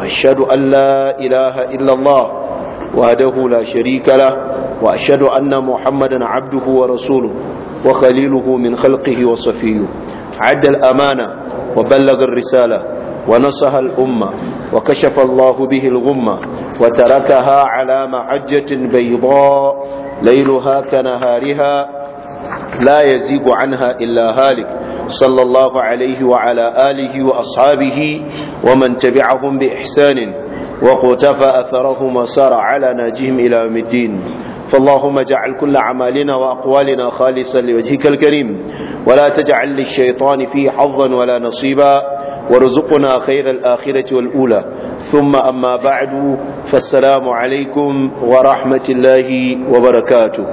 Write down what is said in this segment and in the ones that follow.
وأشهد أن لا إله إلا الله وهده لا شريك له وأشهد أن محمدا عبده ورسوله وخليله من خلقه وصفيه عد الأمانة وبلغ الرسالة ونصح الأمة وكشف الله به الغمة وتركها على معجة بيضاء ليلها كنهارها لا يزيغ عنها إلا هالك صلى الله عليه وعلى آله وأصحابه ومن تبعهم بإحسان وقتفى أثرهم وسار على ناجهم إلى يوم الدين فاللهم اجعل كل عمالنا وأقوالنا خالصا لوجهك الكريم ولا تجعل للشيطان فيه حظا ولا نصيبا وارزقنا خير الآخرة والأولى ثم أما بعد فالسلام عليكم ورحمة الله وبركاته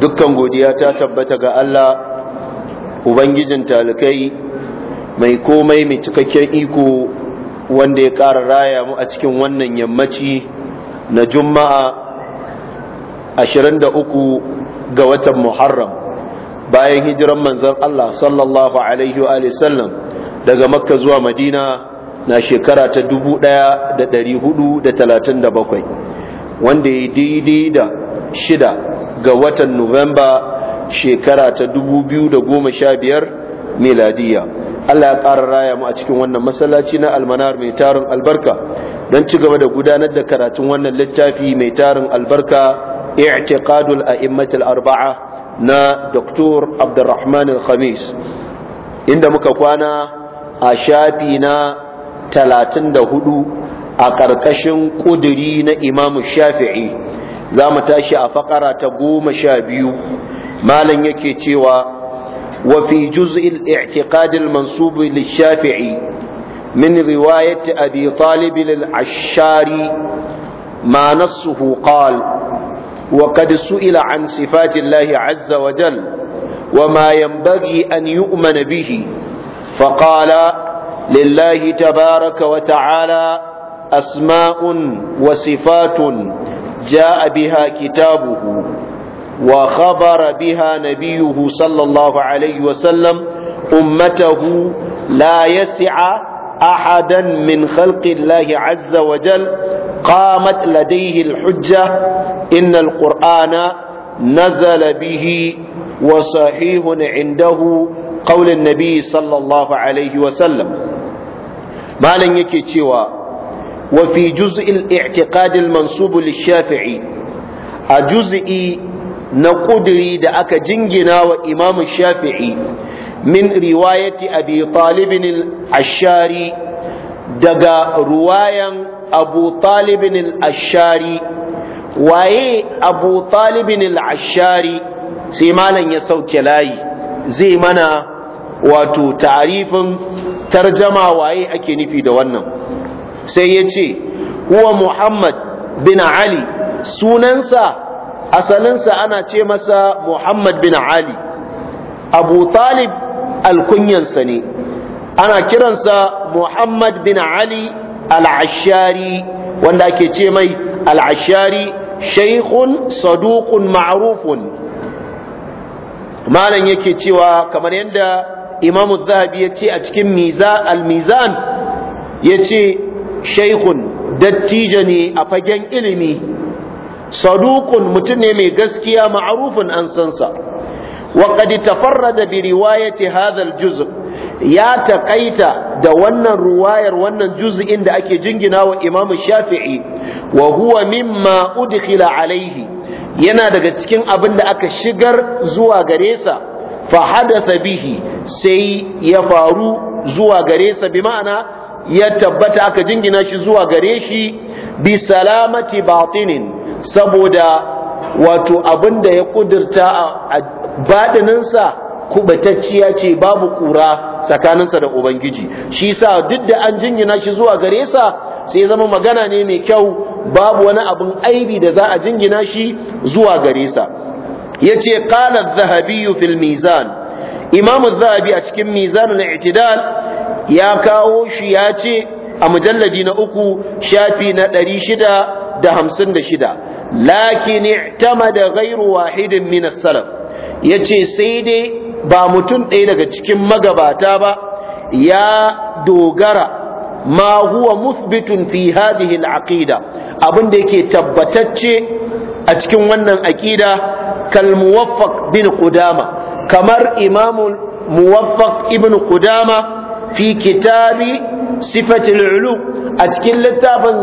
دكا قد تبتك ألا ubangijin talikai mai komai mai cikakken iko wanda ya ƙara raya mu a cikin wannan yammaci na juma'a 23 ga watan muharram bayan hijiran manzon Allah sallallahu alaihi wa sallam daga makka zuwa madina na shekara ta 1437 wanda ya daidai da shida ga watan nuwamba shekara ta 2015 miladiya Allah ya ƙara raya mu a cikin wannan masallaci na almanar mai tarin albarka don ci gaba da gudanar da karatun wannan littafi mai tarin albarka i'tiqadul a'immatul arba'a na Dr. Abdurrahman al-Khamis inda muka kwana a shafi na 34 a ƙarƙashin ƙuduri na Imam Shafi'i za mu tashi a fakara ta goma sha biyu مالن يكي تيوى وفي جزء الاعتقاد المنصوب للشافعي من رواية أبي طالب للعشاري ما نصه قال وقد سئل عن صفات الله عز وجل وما ينبغي أن يؤمن به فقال لله تبارك وتعالى أسماء وصفات جاء بها كتابه وخبر بها نبيه صلى الله عليه وسلم أمته لا يسع أحدا من خلق الله عز وجل قامت لديه الحجة إن القرآن نزل به وصحيح عنده قول النبي صلى الله عليه وسلم ما لن يكي وفي جزء الاعتقاد المنصوب للشافعي a juz'i na ƙudiri da aka jingina wa imamu shafi'i min riwayati abi talibin ashari daga ruwayan abu talibin ashari waye abu talibin ashari sai malam ya sauke layi zai mana wato tarifin tarjama waye ake nufi da wannan sai ya ce huwa muhammad bin ali sunansa asalinsa ana ce masa Muhammad bin Ali Abu Talib alkunyansa ne ana kiransa Muhammad bin Ali alashari wanda ake ce mai alashari ashari shaykhun saduqun ma'rufun malan yake cewa kamar yadda Imam Zahabi ya ce a cikin al-Mizan ya ce shaykhun dattijo ne a fagen ilimi saduqun mutum ne mai gaskiya ma'arufin an sansa. Wakadi wa qad tafarrada bi riwayati hadha al-juz' ya taƙaita da wannan ruwayar wannan juz'in da ake jingina wa Imam Shafi'i wa min mimma udkhila alayhi yana daga cikin abin da aka shigar zuwa gare sa fa hadatha bihi sai ya faru zuwa gare sa bi ma'ana ya tabbata aka jingina shi zuwa gare shi bi salamati batinin saboda wato abin da ya ƙudurta a baɗininsa kubatacciya ce babu kura tsakaninsa da ubangiji shi sa duk da an jingina shi zuwa gare sa sai zama magana ne mai kyau babu wani abin aibi da za a jingina shi zuwa gare sa ya ce ƙalar zahabiyu fil mizan imamu zahabi a cikin mizan na itidal ya kawo shi ya ce a mujalladi na uku shafi na ɗari shida da hamsin da shida lakin i'tamada gairu wahidin min as-salaf yace sai dai ba mutum ɗaya daga cikin magabata ba ya dogara ma huwa musbitun fi hadhihi al-aqida abin da yake tabbatacce a cikin wannan aqida kal muwaffaq bin qudama kamar imamu muwaffaq ibn qudama fi kitabi sifatul ulu a cikin littafin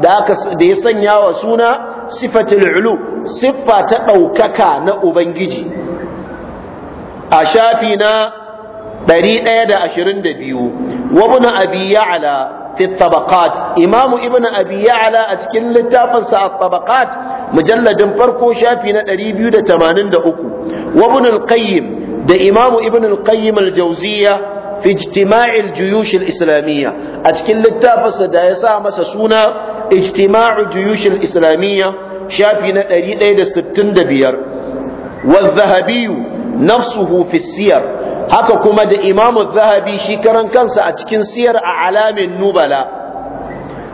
da da ya sanya wa suna sifatul ulu siffa ta ɗaukaka na ubangiji a shafi na 122 wabna abi ya'la fi tabaqat imam ibn abi ya'la a cikin littafin sa at-tabaqat mujalladin farko shafi na 283 wabn al-qayyim da imam ibn al-qayyim al-jawziyya fi ijtima' al-juyush al-islamiyya a cikin littafin sa da ya sa masa suna ijtima'u juyush islamiyya shafi na ɗari ɗaya da 165 wa zahabi nafsuhu fi siyar haka kuma da imamu zahabi shi karan kansa a cikin siyar a alamin nubala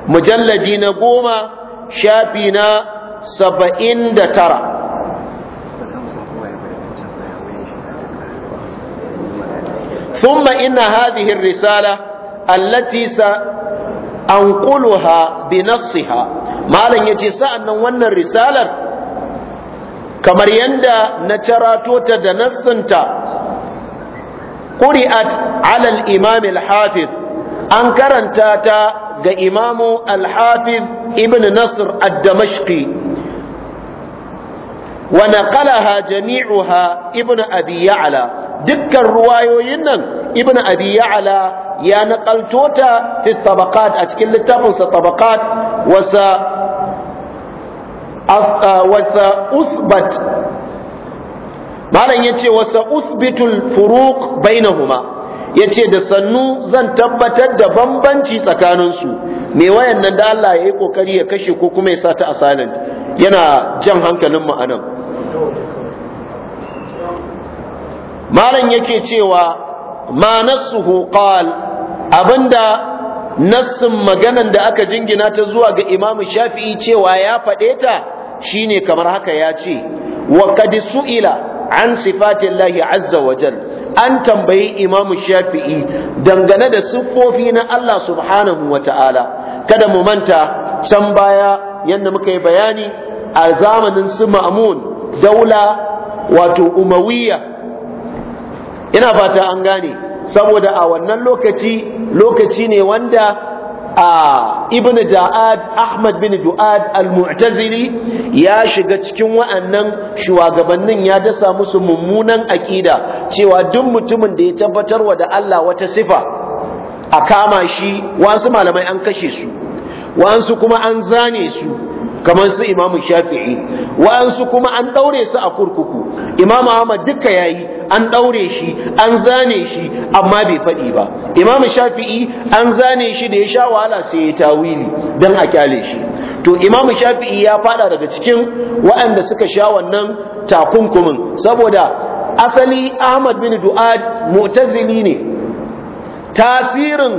mujalladi na goma shafi na da 79 ثم إن هذه الرسالة التي An ƙuluha binasiha, malam yace nan wannan risalar kamar yadda na tarato ta da nassinta ƙuri'at alal al-imam al-hafiz an karanta ta ga imamu al-hafiz ibn nasr ad-damashqi wa naqalaha jami'uha ibn abi ya'la dukkan ruwayoyin nan ibn abi ya'la ya nakalto ta fi tabaqat a cikin littafin sa wasa wasa usbat malam yace wasa usbitul furuk bainahuma ya ce da sannu zan tabbatar da bambanci tsakaninsu mai wayan nan da Allah ya yi kokari ya kashe ko kuma ya sa ta asalin yana jan hankalin mu anan malam yake cewa ma nassuhu qal abinda nassin maganan da aka jingina ta zuwa ga Imam Shafi'i cewa ya faɗe ta shine kamar haka ya ce wa qad su'ila an sifatillahi azza wa jal an tambayi Imam Shafi'i dangane da siffofi na Allah subhanahu wa ta'ala kada mu manta can baya yanda muka yi bayani a zamanin su Ma'mun daula wato Umawiyya ina fata an gane saboda a wannan lokaci lokaci ne wanda a ibn Ja'ad Ahmad bin Du'ad al-Mu'tazili ya shiga cikin wa'annan shugabannin ya dasa musu mummunan aƙida cewa duk mutumin da ya tabbatar wa da Allah wata sifa a kama shi wasu malamai an kashe su wasu kuma an zane su kamar su imamu shafi'i wa'ansu kuma an ɗaure su a kurkuku imamu ahmad duka yayi an ɗaure shi an zane shi amma bai faɗi ba imamu shafi'i an zane shi da ya sha wahala sai ya tawili don a kyale shi to imamu shafi'i ya faɗa daga cikin wa'anda suka sha wannan takunkumin saboda asali ahmad bin du'ad mu'tazili ne tasirin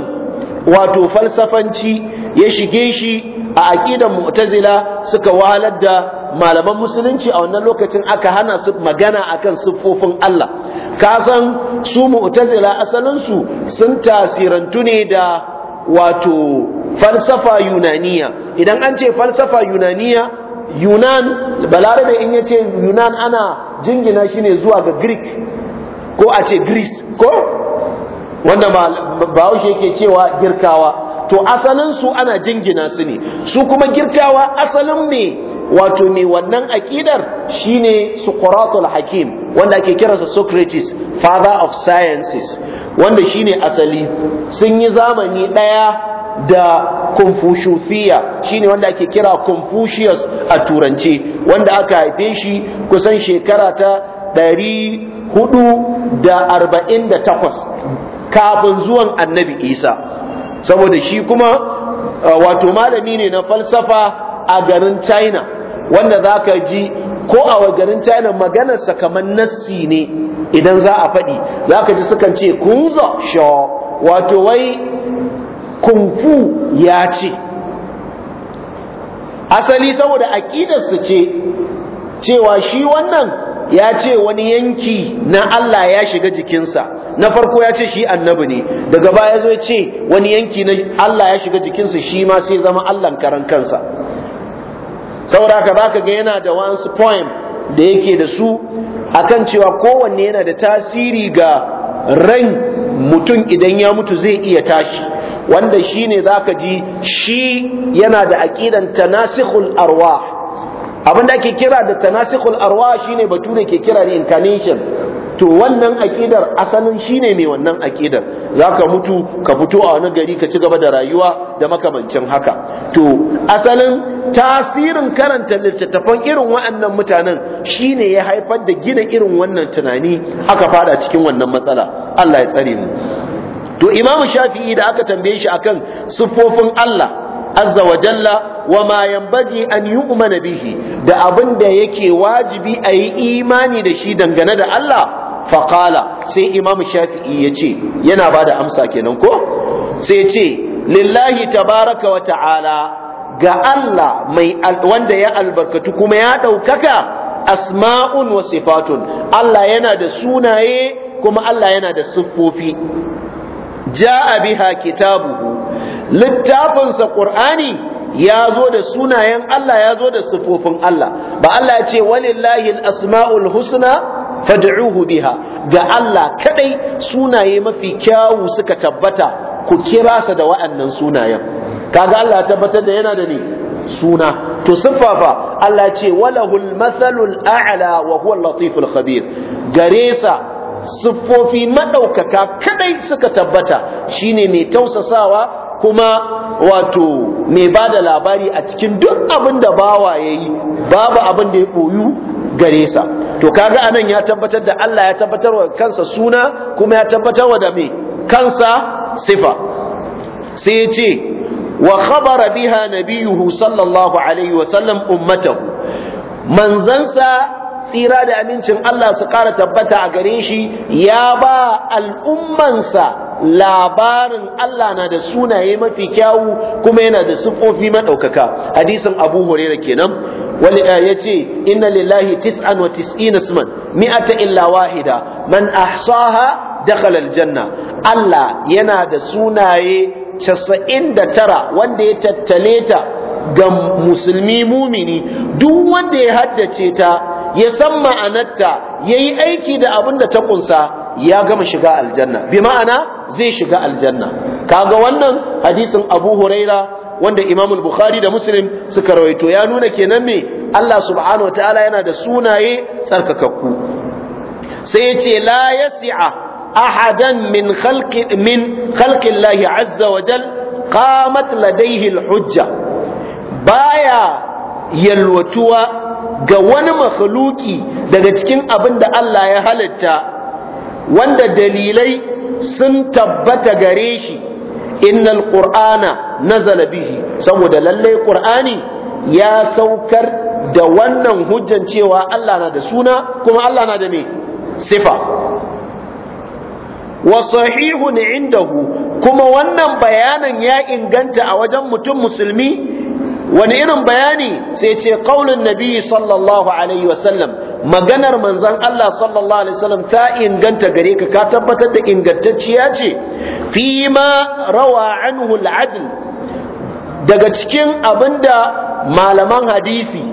wato falsafanci ya shige shi a aqidan mu'tazila suka wahalar da malaman musulunci a wannan lokacin aka hana su magana akan siffofin Allah ka san su mu'tazila asalin su sun tasirantu ne da wato falsafa yunaniya idan an ce falsafa yunaniya yunan balarabe in yace yunan ana jingina shi ne zuwa ga greek ko a ce greece ko wanda ba yake cewa girkawa to asalin su ana jingina su ne su kuma girkawa asalin ne wato me wannan akidar shine Socrates hakim wanda ake kiransa Socrates father of sciences wanda shine asali sun yi zamani ɗaya da Confuciusia shine wanda ake kira Confucius a turance wanda aka haife shi kusan shekara ta ɗari huɗu da arba'in da takwas kafin zuwan annabi isa saboda shi kuma wato malami ne na falsafa a garin china wanda za ka ji ko a garin china maganarsa kamar nassi ne idan za a faɗi za ka ji sukan ce kunzo shaw wato wai kumfu ya ce asali saboda aƙidarsu ce cewa shi wannan ya ce wani yanki na Allah ya shiga jikinsa na farko ya ce shi annabi ne daga baya zai ce wani yanki na Allah ya shiga jikinsa shi ma sai zama Allahn karan kansa saboda haka baka ga yana da wasu poem da yake da su akan cewa kowanne yana da tasiri ga ran mutum idan ya mutu zai iya tashi wanda shi shine zaka ji shi yana da aqidan tanasikhul arwah abin da ake kira da tanasikul arwa shine bature ke kira reincarnation to wannan aƙidar asalin shine mai wannan aƙidar ka mutu ka fito a wani gari ka ci gaba da rayuwa da makamancin haka to asalin tasirin karanta littattafan irin wa'annan mutanen shine ya haifar da gina irin wannan tunani aka fada cikin wannan matsala Allah ya tsare mu to Imam Shafi'i da aka tambaye shi akan siffofin Allah azza wa jalla wa ma yanbaghi an yu'mana bihi da abin da yake wajibi a yi imani da shi dangane da Allah faqala sai imam shafi'i ya ce yana ba da amsa kenan ko sai ce lillahi tabaraka wa ta'ala ga Allah mai wanda ya albarkatu kuma ya ɗaukaka asma'un wa sifatun Allah yana da sunaye kuma Allah yana da siffofi ja'a biha kitabuhu littafinsa ƙur'ani ya zo da sunayen Allah ya zo da sifofin Allah ba Allah ya ce walillahi asmaul husna fad'uhu biha ga Allah kadai sunaye mafi kyawu suka tabbata ku kira sa da wa'annan sunayen kaga Allah ya tabbatar da yana da ne suna to siffafa Allah ce walahul mathalul a'la wa huwa latiful khabir gare sa siffofi maɗaukata kadai suka tabbata shine mai tausasawa kuma wato mai ba da labari a cikin duk abin da bawa ya yi babu abin da ya koyu gare sa to kaga anan ya tabbatar da Allah ya tabbatar wa kansa suna kuma ya tabbatar wa da mai kansa sifa sai ya ce wa khabara biha nabiyuhu sallallahu alaihi wa sallam ummatahu manzansa tsira da amincin Allah su ƙara tabbata a gare shi ya ba al'ummansa labarin Allah na da sunaye mafi kyawu kuma yana da siffofi maɗaukaka hadisin abu huraira kenan wani eh, ya ce inna lillahi tis'an wa tis'ina isman mi'ata illa wahida man ahsaha dakhala aljanna Allah yana da sunaye 99 wanda ya tattale ta ga musulmi mumini duk wanda ya haddace ta ya san ma'anarta yayi aiki da abin da ta kunsa ya gama shiga aljanna bi ma'ana zai shiga aljanna kaga wannan hadisin Abu Huraira wanda imamul Bukhari da Muslim suka rawaito ya nuna kenan me Allah subhanahu wataala yana da sunaye tsarkakakku sai yace la yasi'a ahadan min khalqi min khalqi Allah azza wa jal qamat ladayhi hujja baya yalwatuwa ga wani makhluki daga cikin abin da Allah ya halitta wanda dalilai sun tabbata gare shi innal qur'ana nazala bihi saboda lalle qur'ani ya saukar da wannan hujjan cewa Allah na da suna kuma Allah na da me sifa wa sahihun indahu kuma wannan bayanan ya inganta a wajen mutum musulmi wani irin bayani sai ce qaulun nabi sallallahu alaihi wasallam maganar manzon Allah sallallahu alaihi wasallam ta inganta gare ka ka tabbatar da ingantacciya ce fi ma rawa anhu al-adl daga cikin abinda malaman hadisi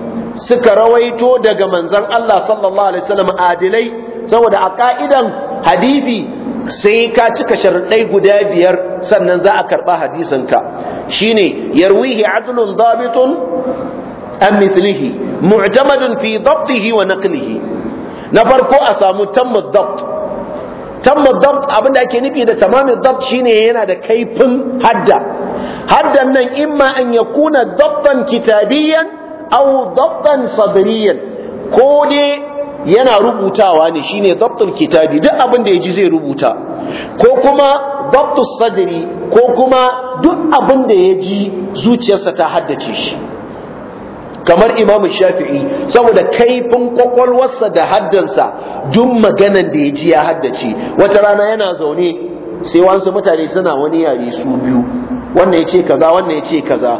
suka rawaito daga manzon Allah sallallahu alaihi wasallam adilai saboda a ka'idan hadisi sai ka cika sharuɗai guda biyar sannan za a karɓa hadisinka shine yarwihi adlun dabitun an mithlihi mu'tamadun fi dabtihi wa naqlihi na farko a samu tammu dabt tammu dabt abinda ake nufi da tamamin dabt shine yana da kaifin hadda haddan nan imma an yakuna dabtan kitabiyan aw dabtan sadriyan ko dai yana rubutawa ne shine dabtul kitabi duk abin da ya zai rubuta ko kuma dabtus sadri ko kuma duk abin da ya ji zuciyarsa ta haddace shi kamar imamu shafi'i saboda kaifin kwakwalwarsa da haddansa duk maganan da yaji ji ya haddace wata rana yana zaune sai wasu mutane suna wani yare su biyu wannan ya ce kaza wannan ya ce kaza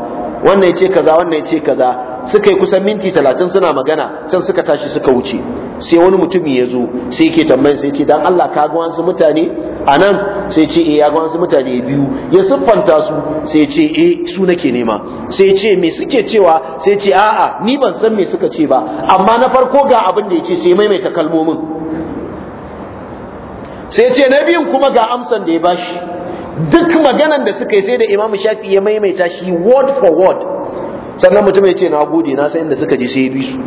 wannan ya ce kaza wannan ya ce kaza suka yi kusan minti talatin suna magana can suka tashi suka wuce sai wani mutum ya zo sai yake tambayin sai ce dan Allah ka ga wasu mutane a nan sai ce eh ya ga wasu mutane biyu ya siffanta su sai ce eh su nake nema sai ce me suke cewa sai ce a'a ni ban san me suka ce ba amma na farko ga abin da yake sai maimaita kalmomin sai ce na biyun kuma ga amsan da ya bashi duk maganan da suka yi sai da imamu shafi ya maimaita shi word for word sannan mutum ya ce na gode na san inda suka je sai ya bi su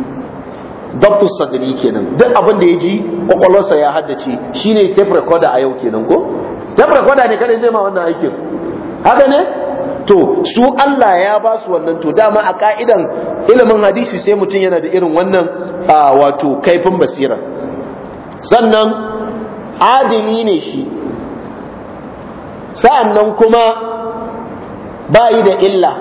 dabtu sadri kenan duk abin da ya ji kwakwalwarsa ya haddace shine tape recorder a yau kenan ko tape recorder ne kada zai ma wannan aikin haka ne to su Allah ya ba su wannan to dama a ka'idan ilimin hadisi sai mutum yana da irin wannan wato kaifin basira sannan adini ne shi sa'annan kuma bayi da illa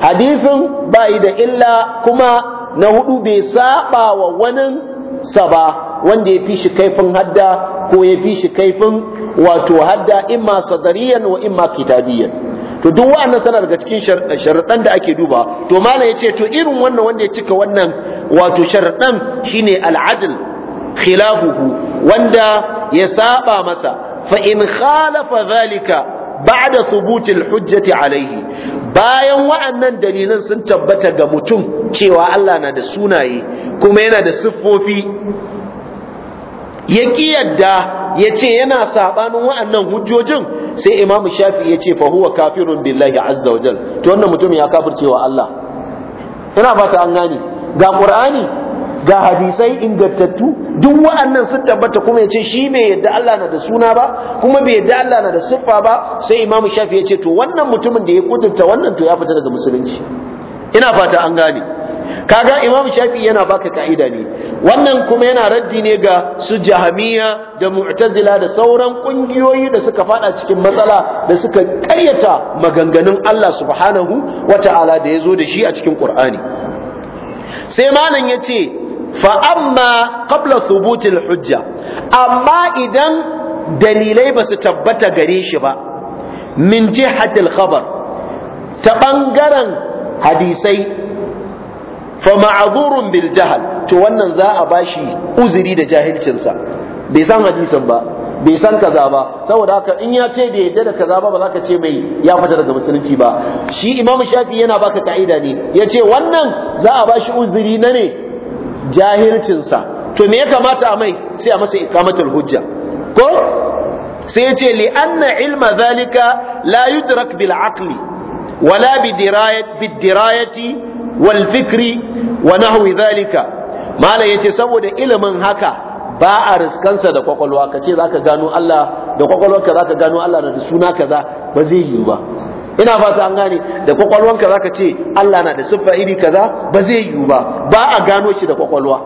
hadisin bayi da illa kuma na hudu bai saba wa wani sa ba wanda ya fi shi kaifin hadda ko ya fi shi kaifin wato hadda imma sadariyan wa imma kitabiyan to duk wa'annan suna daga cikin sharaɗan da ake duba to malam ya ce to irin wannan wanda ya cika wannan wato sharaɗan shine al'adl khilafuhu wanda ya saba masa fa in khalafa zalika ba'da thubutil hujjati alaihi bayan wa'annan dalilan sun tabbata ga mutum cewa Allah na da sunaye kuma yana da siffofi ya ki yadda ya yana saɓanin wa'annan hujjojin sai imamu shafi ya ce fa huwa kafirun billahi azza wa to wannan mutum ya kafircewa Allah ina fata an gani ga qur'ani ga hadisai ingantattu duk wa'annan sun tabbata kuma ya ce shi bai yadda Allah na da suna ba kuma bai yadda Allah na da siffa ba sai imamu shafi ya ce to wannan mutumin da ya kudurta wannan to ya fita daga musulunci ina fata an gane kaga imamu shafi yana baka ka'ida ne wannan kuma yana raddi ne ga su jahamiya da mu'tazila da sauran kungiyoyi da suka fada cikin matsala da suka karyata maganganun Allah subhanahu wata'ala da ya zo da shi a cikin Qur'ani sai malam ce. fa amma qabla hujja amma idan dalilai ba su tabbata gare shi ba min jihatil khabar ta ɓangaren hadisai fa ma'dhurun bil jahl to wannan za a bashi uzuri da jahilcinsa bai san hadisin ba bai san kaza ba saboda haka in ya ce bai yadda da kaza ba ba za ka ce mai ya fita daga musulunci ba shi imam shafi yana baka ka'ida ne ya ce wannan za a ba shi uzuri na ne jahilcinsa to me ya kamata a mai sai a masa ikamatul hujja ko sai ce li anna ilma zalika la yudrak bil aqli wala bi dirayat bi dirayati wal fikri wa nahwi zalika mala yace saboda ilimin haka ba a riskansa da kwakwalwa kace zaka gano Allah da kwakwalwarka zaka gano Allah da suna kaza ba zai yiwu ba ina fata an gane da kwakwalwanka zaka ce Allah na da siffa iri kaza ba zai yiwu ba ba a gano shi da kwakwalwa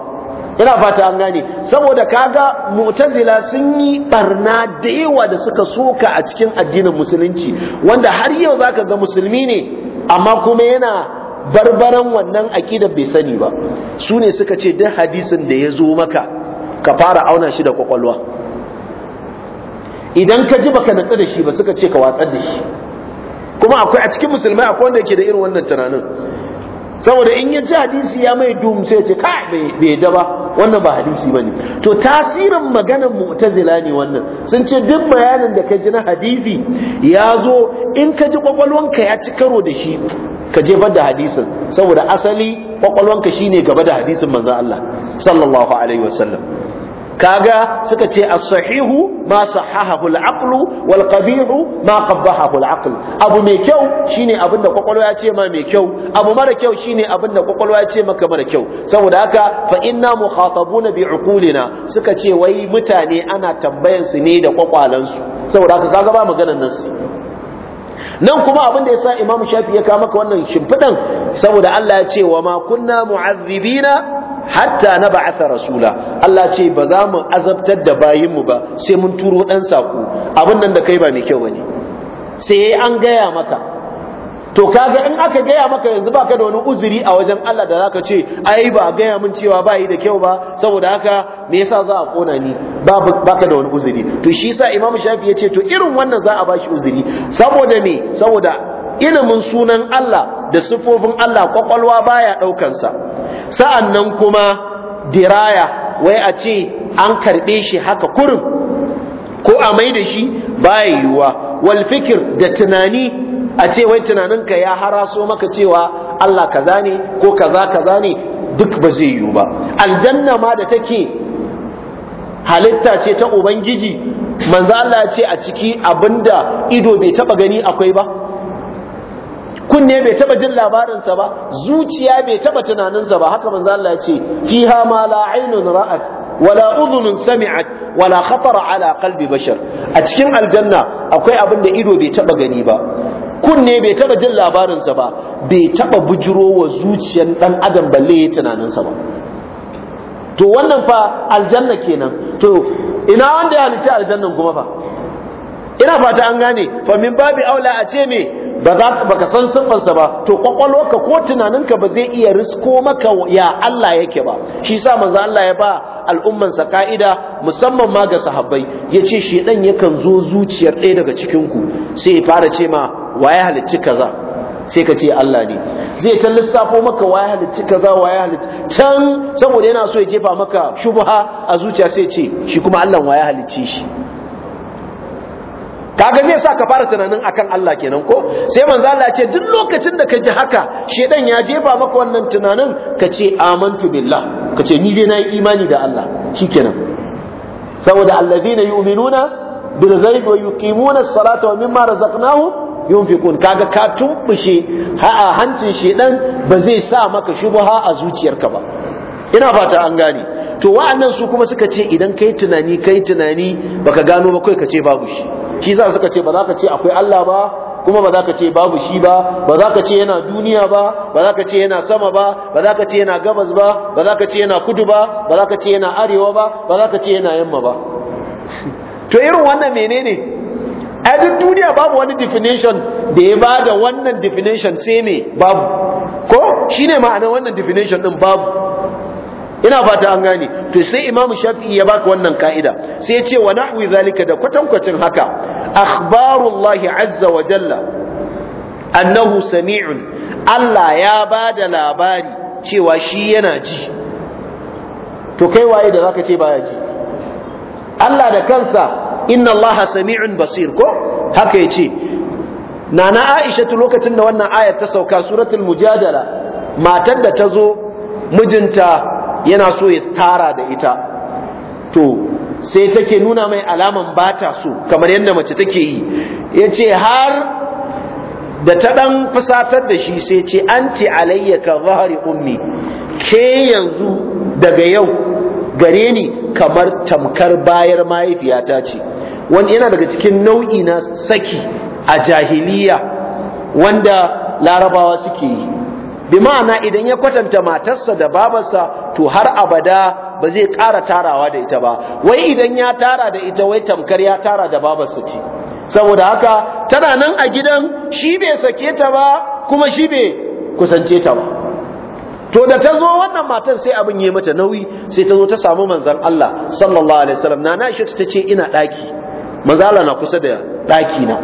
ina fata an gane saboda kaga mu'tazila sun yi barna da yawa da suka soka a cikin addinin musulunci wanda har yau zaka ga musulmi ne amma kuma yana barbaran wannan aqidar bai sani ba su ne suka ce duk hadisin da ya zo maka ka fara auna shi da kwakwalwa idan ka ji baka natse da shi ba suka ce ka watsar da shi kuma akwai a cikin musulmai akwai wanda yake da irin wannan tunanin saboda in ya ji hadisi ya mai dum sai ce kai bai da ba wannan ba hadisi bane to tasirin maganar mu'tazila ne wannan sun ce duk bayanin da ka ji na hadisi ya zo in ka ji kwakwalwanka ya ci karo da shi ka jefar da hadisin saboda asali kwakwalwanka shine gaba da hadisin manzo Allah sallallahu alaihi wasallam kaga suka ce as-sahihu ma sahahahu al-aql wal qabih ma qabbahahu al-aql abu mai kyau shine abin da kwakwalwa ya ce ma mai kyau abu mara kyau shine abin da kwakwalwa ya ce maka mara kyau saboda haka fa inna mukhatabuna bi uqulina suka ce wai mutane ana tambayan su ne da kwakwalansu saboda haka kaga ba maganan nan nan kuma abin da yasa Imam Shafi ya kawo maka wannan shimfidan saboda Allah ya ce wa ma kunna mu'azzibina hatta na ba ba'atha rasula Allah ce ba za mu azabtar da bayinmu ba sai mun turo dan sako abin nan da kai ba mai kyau bane sai an gaya maka to kaga in aka gaya maka yanzu baka da wani uzuri a wajen Allah da zaka ce ai ba gaya mun cewa ba da kyau ba saboda haka me yasa za a kona ni baka da wani uzuri to shi yasa Imam Shafi ya ce to irin wannan za a bashi uzuri saboda me saboda ilimin sunan Allah da sufofin Allah kwakwalwa baya ɗaukansa sa'an nan kuma diraya wai a ce an karɓe shi haka kurin ko a mai da shi baya yiwuwa wal fikir da tunani a ce wai tunaninka ya haraso maka cewa Allah kaza ne ko kaza kaza ne duk ba zai yiwu ba aljanna ma da take halitta ce ta ubangiji manzo Allah ya ce a ciki abinda ido bai taba gani akwai ba kunne bai taba jin labarinsa ba zuciya bai taba tunaninsa ba haka manzo Allah ya ce fiha ma la aynun ra'at wala udhunun sami'at wala khatara ala qalbi bashar a cikin aljanna akwai abin da ido bai taba gani ba kunne bai taba jin labarinsa ba bai taba bujiro wa zuciyar dan adam balle ya tunaninsa ba to wannan fa aljanna kenan to ina wanda ya halitta aljannan kuma fa ina fata an gane fa min babi aula a ce me ba za ka baka san siffarsa ba to kwakwalwarka ko tunaninka ba zai iya risko maka ya Allah yake ba shi sa manzo Allah ya ba al'ummansa ka'ida musamman ma ga sahabbai yace ɗan yakan zo zuciyar ɗaya daga cikin ku sai ya fara ce ma waye halicci kaza sai ka ce Allah ne zai ta lissafo maka waye halicci kaza waye halicci can saboda yana so ya jefa maka shubha a zuciya sai ce shi kuma Allah waye halicci shi kaga zai sa ka fara tunanin akan Allah kenan ko sai manzo Allah ce duk lokacin da ka ji haka shedan ya jefa maka wannan tunanin ka ce amantu billah ka ce ni dai na yi imani da Allah shikenan saboda alladhina yu'minuna bil ghaib wa yuqimuna as-salata wa mimma razaqnahum yunfiqun kaga ka tumbushe ha'a hancin shedan ba zai sa maka shubha a zuciyarka ba ina fata an gane to wa'annan su kuma suka ce idan kai tunani kai tunani baka gano ba kai ka ce babu shi shi za suka ce ba za ka ce akwai Allah ba kuma ba za ka ce babu shi ba ba za ka ce yana duniya ba ba za ka ce yana sama ba ba za ka ce yana gabas ba ba za ka ce yana kudu ba ba za ka ce yana arewa ba ba za ka ce yana yamma ba to irin wannan menene a duk duniya babu wani definition da ya ba da wannan definition sai me babu ko shine ma'anar wannan definition din babu ina fata an gane to sai imamu shafi'i ya baka wannan ka'ida sai ya ce wa nahwi zalika da kwatankwacin haka akhbarullahi azza wa jalla annahu sami'un Allah ya ba da labari cewa shi yana ji to kai waye da zaka ce baya ji Allah da kansa inna Allah sami'un basir ko haka yace nana Aisha lokacin da wannan ayar ta sauka suratul mujadala matar da ta zo mijinta yana so ya tara da ita to sai take nuna mai alaman ba ta so kamar yadda mace take yi ya ce har da ta ɗan fusatar da shi sai ce an alayya ka zahari ummi ke yanzu daga yau gare ni kamar tamkar bayar mahaifiyata ce wani yana daga cikin nau'i na saki a jahiliya wanda larabawa suke yi bi ma'ana idan ya kwatanta matarsa da babarsa to har abada ba zai ƙara tarawa da ita ba wai idan ya tara da ita wai tamkar ya tara da babarsa ce saboda haka tana nan a gidan shi bai sake ta ba kuma shi bai kusance ta ba to da ta zo wannan matan sai abin yi mata nauyi sai ta zo ta samu manzon Allah sallallahu alaihi wasallam nana Aisha ta ce ina daki manzala na kusa da daki na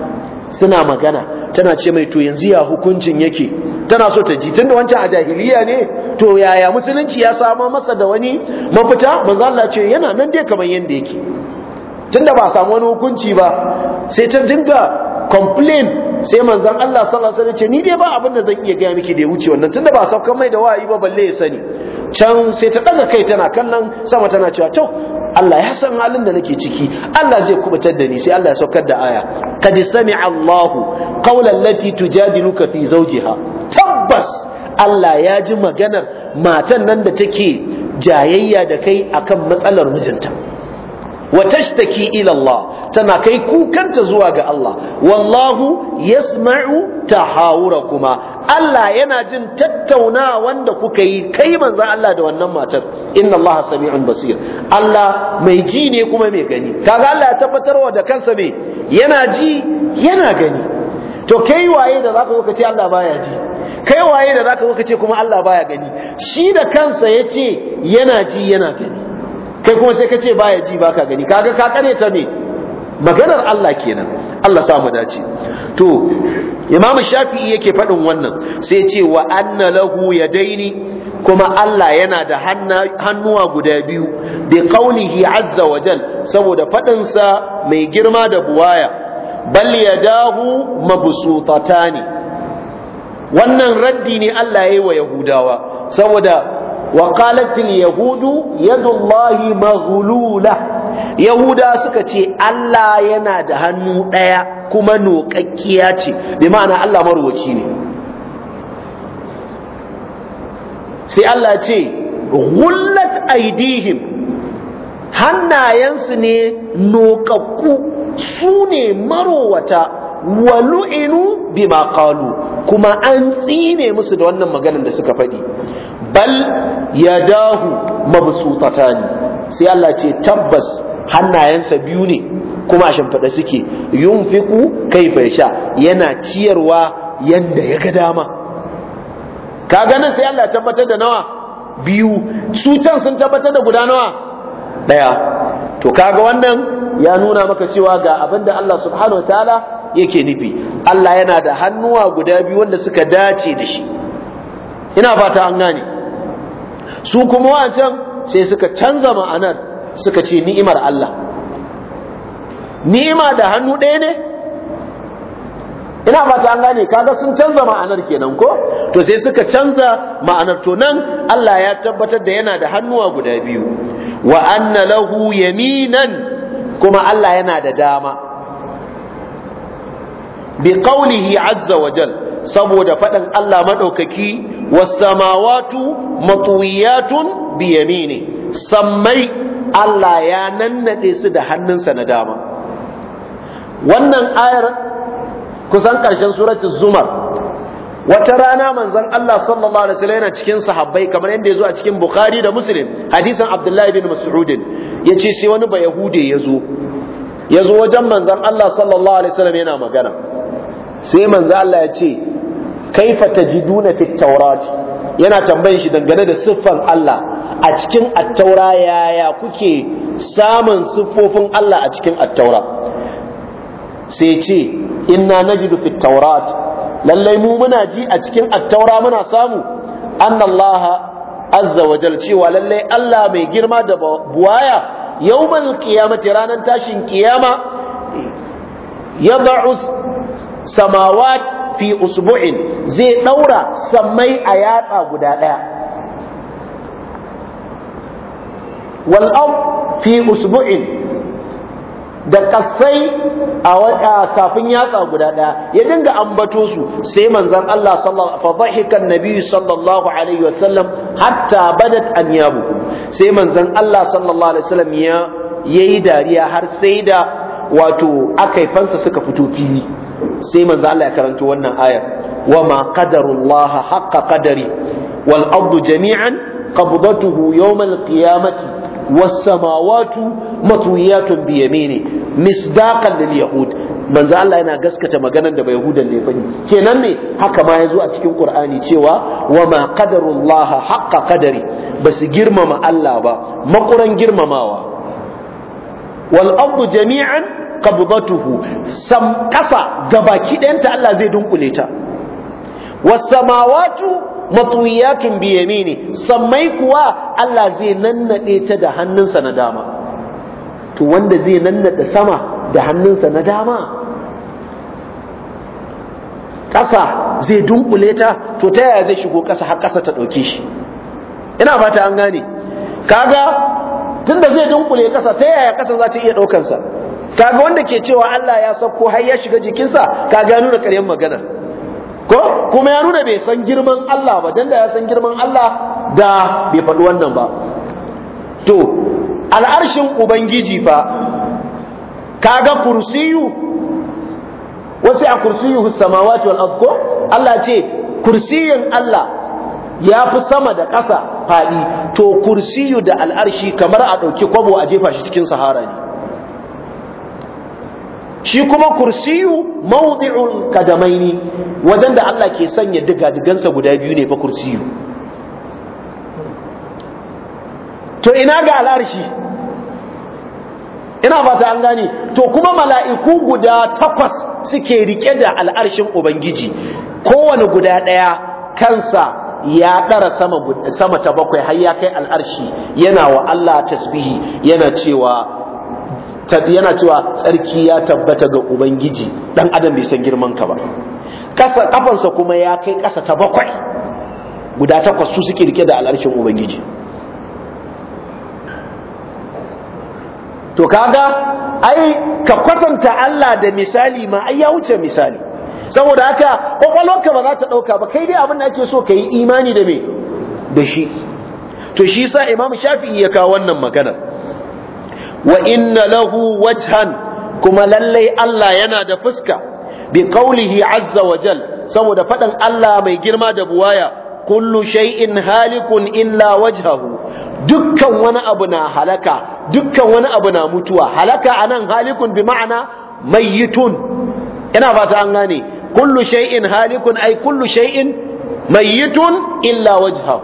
suna magana tana ce mai to yanzu ya hukuncin yake tana so ta ji tunda wancan a jahiliya ne to yaya musulunci ya samu masa da wani mafita manzo Allah ce yana nan dai kamar yanda yake tunda ba samu wani hukunci ba sai ta dinga complain sai manzon Allah sallallahu alaihi wasallam ce ni dai ba abin da zan iya gaya miki da ya wuce wannan tunda ba sauka mai da wa'ayi ba balle ya sani can sai ta daga kai tana kallon sama tana cewa to Allah ya san halin da nake ciki Allah zai kubutar da ni sai Allah ya saukar da aya kad sami'a Allahu qawlan lati tujadiluka fi zawjiha tabbas Allah ya ji maganar matan nan da take jayayya da kai akan matsalar mijinta wa tashtaki ila tana kai kukanta zuwa ga Allah wallahu yasma'u tahawurakuma Allah yana jin tattauna wanda kuka yi kai manzo Allah da wannan matar inna Allah sami'un basir Allah mai ji ne kuma mai gani kaga Allah ya tabbatarwa da kansa me yana ji yana gani to kai waye da zaka zo ce Allah baya ji kai waye da zaka zo kuma Allah baya gani shi da kansa yace yana ji yana gani kai kuma sai ka ce baya ji baka gani kaga ka kare ta ne maganar Allah kenan Allah sa mu dace to Imam Shafi'i yake faɗin wannan sai ce wa anna lahu yadaini kuma Allah yana da hannuwa guda biyu bi qaulihi azza wa jal saboda faɗin sa mai girma da buwaya bal yadahu mabsutatani wannan raddi ne Allah ya yi wa Yahudawa saboda وقالت اليهود يد الله مغلولة يهودا suka ce Allah yana da hannu daya kuma nokakkiya ce bi ma'ana Allah marwaci ne sai Allah ce gullat aidihim hannayensu ne nokakku su ne marowata walu'inu bima qalu kuma an tsine musu da wannan maganar da suka faɗi bal yadahu ne sai Allah ce tabbas hannayensa biyu ne kuma a shimfiɗa suke yunfiku bai sha, yana ciyarwa yanda ya ga dama kaga nan sai Allah tabbatar da nawa biyu su can sun tabbatar da guda nawa ɗaya. to kaga wannan ya nuna maka cewa ga abinda Allah subhanahu wataala yake nufi Allah yana da hannuwa guda biyu wanda suka dace da shi ina fata an gane su kuma wancan sai suka canza ma'anar suka ce ni'imar Allah ni'ima da hannu ɗaya ne ina fata an gane kaga sun canza ma'anar kenan ko to sai suka canza ma'anar to nan Allah ya tabbatar da yana da hannuwa guda biyu wa anna lahu yaminan kuma Allah yana da dama bi qawlihi azza wa jal saboda faɗin Allah maɗaukaki. wasamawatu matwiyatun biyamini sammai Allah ya nannade su da hannunsa na dama wannan ayar kusan ƙarshen suratul zumar wata rana manzon Allah sallallahu alaihi wasallam yana cikin sahabbai kamar yadda ya zo a cikin Bukhari da Muslim hadisin Abdullahi bin Mas'ud yace sai wani ba Yahude ya zo ya zo wajen manzon Allah sallallahu alaihi wasallam yana magana sai manzon Allah ya ce kaifa tajiduna fit tawrat yana tambayin shi dangane da siffan Allah a cikin at-taura yaya kuke samun siffofin Allah a cikin at-taura sai ce inna najidu fit tawrat lallai mu muna ji a cikin attaura muna samu annallaha azza wa cewa lallai Allah mai girma da buwaya yawmal qiyamati ranan tashin kiyama yad'u samawa? fi usbu'in zai daura sammai a yatsa guda daya wal fi usbu'in da kasai a kafin yatsa guda daya ya dinga ambato su sai manzon Allah sallallahu fa dhahika annabi sallallahu alaihi wasallam hatta badat anyabu sai manzon Allah sallallahu alaihi wasallam ya yayi dariya har sai da wato akaifansa suka fito fili sai manzo Allah ya karanto wannan ayar wa ma qadarullaha haqqo qadari wal ardu jami'an qabdatuhu yawm al qiyamati was samawati matwiyatun bi yamini misdaqan lil yahud manzo Allah yana gaskata maganar da bai yahudan ne bane kenan ne haka ma yazo a cikin Qur'ani cewa wa ma qadarullaha haqqo qadari basu girmama Allah ba makuran girmamawa wal ardu jami'an qabdatuhu sam kasa gabaki ɗayanta Allah zai dunkule ta was samawatu matwiyatun bi yamini sammai kuwa Allah zai nannade ta da hannunsa na dama to wanda zai nannade sama da hannunsa na dama ƙasa zai dunkule ta to ta yaya zai shigo ƙasa har kasa ta ɗauke shi ina fata an gane kaga tunda zai dunkule ƙasa ta yaya ƙasa za ta iya ɗaukansa kaga wanda ke cewa Allah ya sauko har ya shiga jikinsa kaga ya nuna ƙaryar magana ko kuma ya nuna bai san girman Allah ba dan da ya san girman Allah da bai faɗi wannan ba to al'arshin ubangiji fa kaga kursiyu wasu a kursiyu samawati wal ardh Allah ce kursiyin Allah ya fi sama da ƙasa faɗi to kursiyu da al'arshi kamar a ɗauki kwabo a jefa shi cikin sahara ne shi kuma kursiyu mawdi'ul kadamaini, wajen da Allah ke sanya digadigansa guda biyu ne fa kursiyu to ina ga al'arshi ina fata an gane to kuma mala'iku guda takwas suke rike da al'arshin ubangiji kowane guda ɗaya kansa ya ɗara sama ta bakwai har ya kai al'arshi yana wa Allah tasbihi yana cewa yana cewa tsarki ya tabbata ga ubangiji dan adam bai san girman ka ba kasa kafansa kuma ya kai kasa ta bakwai guda takwas su suke rike da al'arshin ubangiji to kaga ai ka kwatanta Allah da misali ma ai ya wuce misali saboda haka kwakwalwarka ba za ta dauka ba kai dai abin da ake so ka yi imani da me da shi to shi sa imam shafi'i ya kawo wannan maganar wa inna lahu wajhan kuma lallai Allah yana da fuska bi qawlihi azza wa jal saboda fadan Allah mai girma da buwaya kullu shay'in halikun illa wajhahu dukkan wani abu na halaka dukkan wani abu na mutuwa halaka anan halikun bi ma'ana mayyitun ina fata an gane kullu shay'in halikun ay kullu shay'in mayyitun illa wajhahu